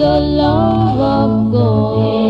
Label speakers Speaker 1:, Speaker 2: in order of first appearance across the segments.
Speaker 1: the love of God.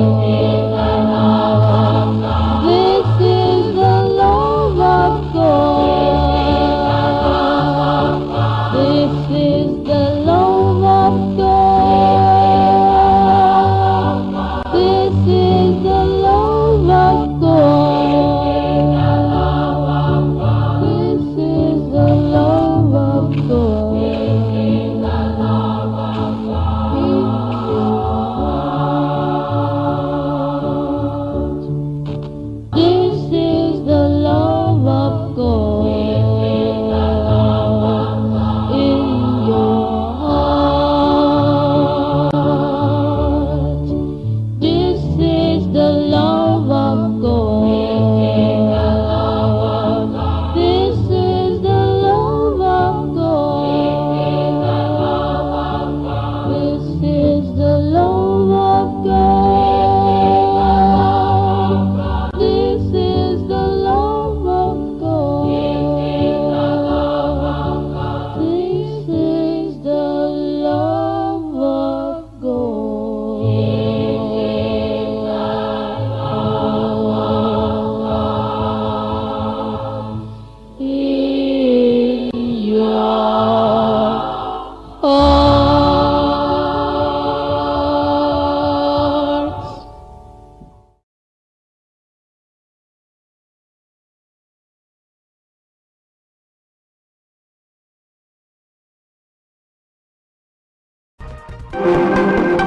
Speaker 1: see. Thank you.